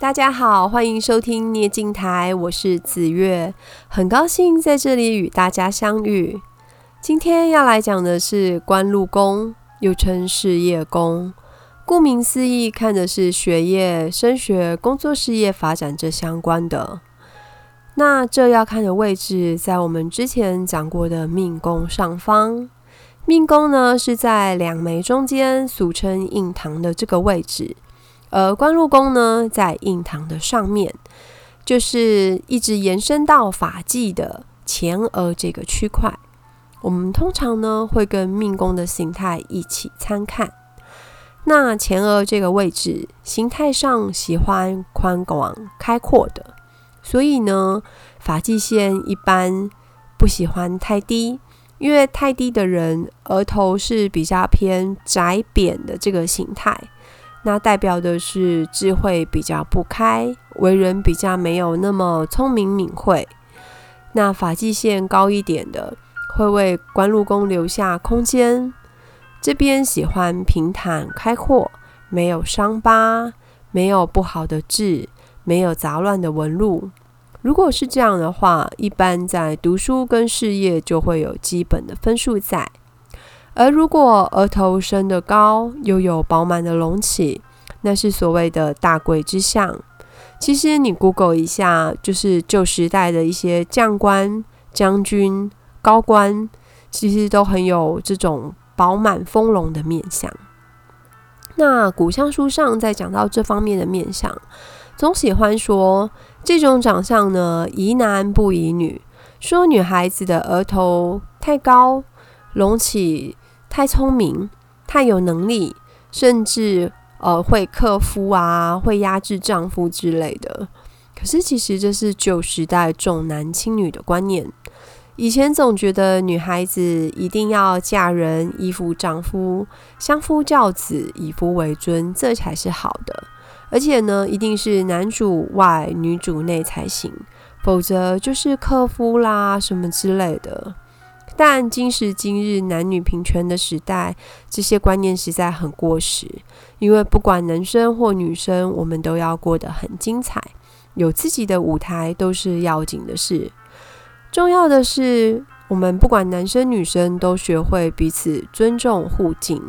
大家好，歡迎收聽涅鏡台，我是紫玥，很高興在這裡與大家相遇。今天要來講的是官祿宮，又稱事業宮，顧名思義，看的是學業、升學、工作、事業發展這相關的。那這要看的位置在我們之前講過的命宮上方，命宮呢是在兩眉中間，俗稱印堂的這個位置。而，官祿宮呢，在印堂的上面，就是一直延伸到髮際的前額這個區塊。我們通常呢，會跟命宮的形態一起參看。那前額這個位置，形態上喜歡寬廣開闊的，所以呢，髮際線一般不喜歡太低，因為太低的人額頭是比較偏窄扁的這個形態。那代表的是智慧比較不開，為人比較沒有那麼聰明敏慧。那髮際線高一點的，會為官祿宮留下空間。這邊喜歡平坦開闊，沒有傷疤，沒有不好的痣，沒有雜亂的紋路。如果是這樣的話，一般在讀書跟事業就會有基本的分數在。而如果額頭升得高，又有，有飽滿的隆起，那是所謂的大貴之相。其實你 Google 一下，就是舊時代的一些將官、將軍、高官，其實都很有這種飽滿豐隆的面相。那古相書上在講到這方面的面相，總喜歡說，這種長相呢，宜男不宜女，說女孩子的額頭太高隆起，太聰明、太有能力，甚至呃會克夫啊，會壓制丈夫之類的。可是其實這是舊時代重男輕女的觀念。以前總覺得女孩子一定要嫁人、依附丈夫、相夫教子、以夫為尊，這才是好的。而且呢，一定是男主外女主內才行，否則就是克夫啦什麼之類的。但今時今日男女平權的時代，這些觀念實在很過時。因為不管男生或女生，我們都要過得很精彩，有自己的舞台都是要緊的事。重要的是，我們不管男生女生，都學會彼此尊重互敬。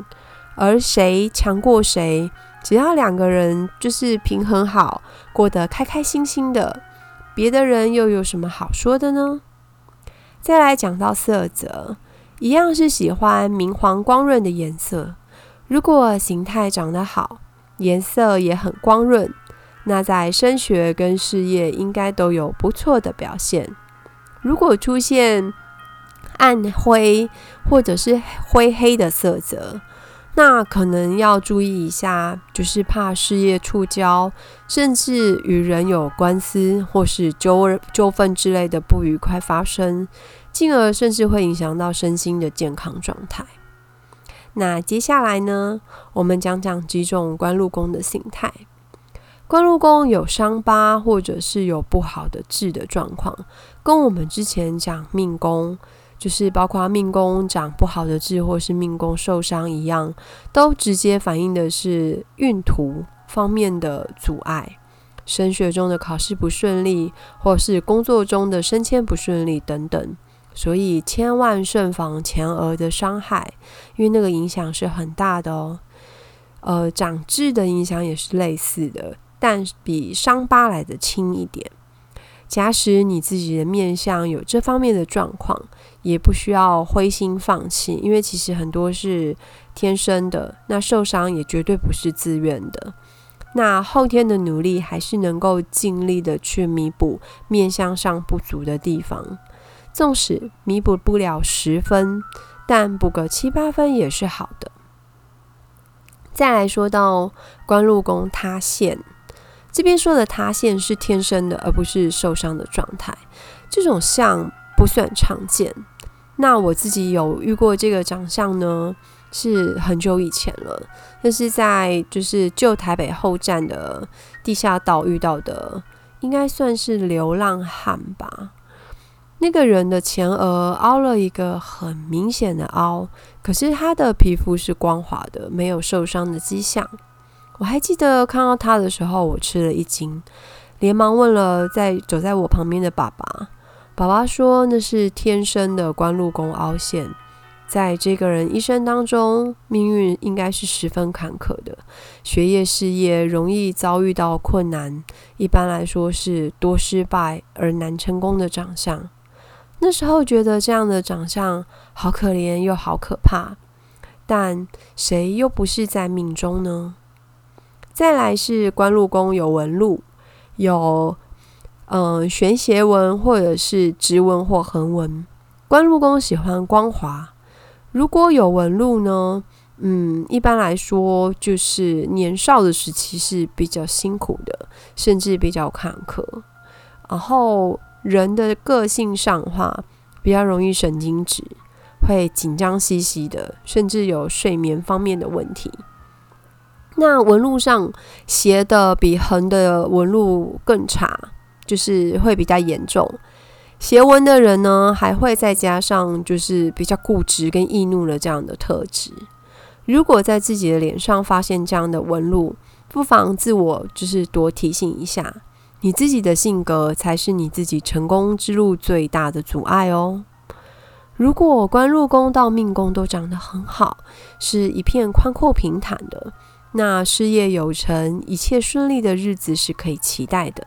而誰強過誰，只要兩個人就是平衡好，過得開開心心的，別的人又有什麼好說的呢？再來講到色澤，一樣是喜歡明黃光潤的顏色。如果形態長得好，顏色也很光潤，那在升學跟事業應該都有不錯的表現。如果出現暗灰或者是灰黑的色澤，那可能要注意一下，就是怕事業觸礁，甚至與人有官司或是糾糾紛之類的不愉快發生，進而甚至會影響到身心的健康狀態。那接下來呢，我們講講幾種官祿宮的形態。官祿宮有傷疤或者是有不好的痣的狀況，跟我們之前講命宮。就是包括命宮長不好的痣，或是命宮受傷一樣，都直接反映的是運途方面的阻礙，升學中的考試不順利，或是工作中的升遷不順利等等。所以千萬慎防前額的傷害，因為那個影響是很大的哦。呃，長痣的影響也是類似的，但比傷疤來的輕一點。假使你自己的面相有這方面的狀況，也不需要灰心放棄，因為其實很多是天生的，那受傷也絕對不是自願的。那後天的努力還是能夠盡力的去彌補面相上不足的地方，縱使彌補不了十分，但補個七八分也是好的。再來說到官祿宮塌陷。這邊說的塌陷是天生的，而不是受傷的狀態。這種相不算常見。那我自己有遇過這個長相呢，是很久以前了，但、就是在就是舊台北後站的地下道遇到的，應該算是流浪漢吧。那個人的前額凹了一個很明顯的凹，可是他的皮膚是光滑的，沒有受傷的跡象。我還記得看到他的時候，我吃了一驚，連忙問了在走在我旁邊的爸爸。爸爸說：“那是天生的官祿宮凹陷，在這個人一生當中，命運應該是十分坎坷的，學業事業容易遭遇到困難，一般來說是多失敗而難成功的長相。”那時候覺得這樣的長相好可憐又好可怕，但誰又不是在命中呢？再來是官祿宮有紋路，有嗯，玄斜紋或者是直紋或橫紋。官祿宮喜歡光滑，如果有紋路呢，嗯，一般來說就是年少的時期是比較辛苦的，甚至比較坎坷。然後人的個性上的話，比較容易神經質，會緊張兮兮的，甚至有睡眠方面的問題。那紋路上斜的比橫的紋路更差，就是會比較嚴重。斜紋的人呢，還會再加上就是比較固執跟易怒的這樣的特質。如果在自己的臉上發現這樣的紋路，不妨自我就是多提醒一下，你自己的性格才是你自己成功之路最大的阻礙哦。如果官祿宮到命宮都長得很好，是一片寬闊平坦的。那事業有成、一切順利的日子是可以期待的。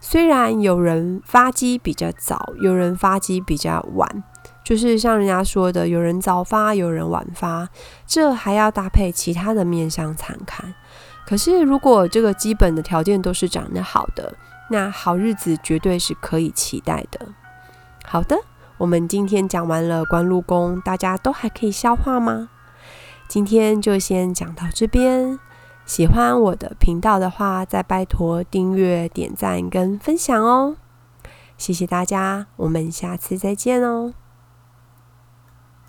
雖然有人發跡比較早，有人發跡比較晚，就是像人家說的，有人早發，有人晚發，這還要搭配其他的面相參看。可是，如果這個基本的條件都是長得好的，那好日子絕對是可以期待的。好的，我們今天講完了官祿宮，大家都還可以消化嗎？今天就先講到這邊，喜歡我的頻道的話，再拜托訂閱、點贊跟分享哦。謝謝大家，我們下次再見哦。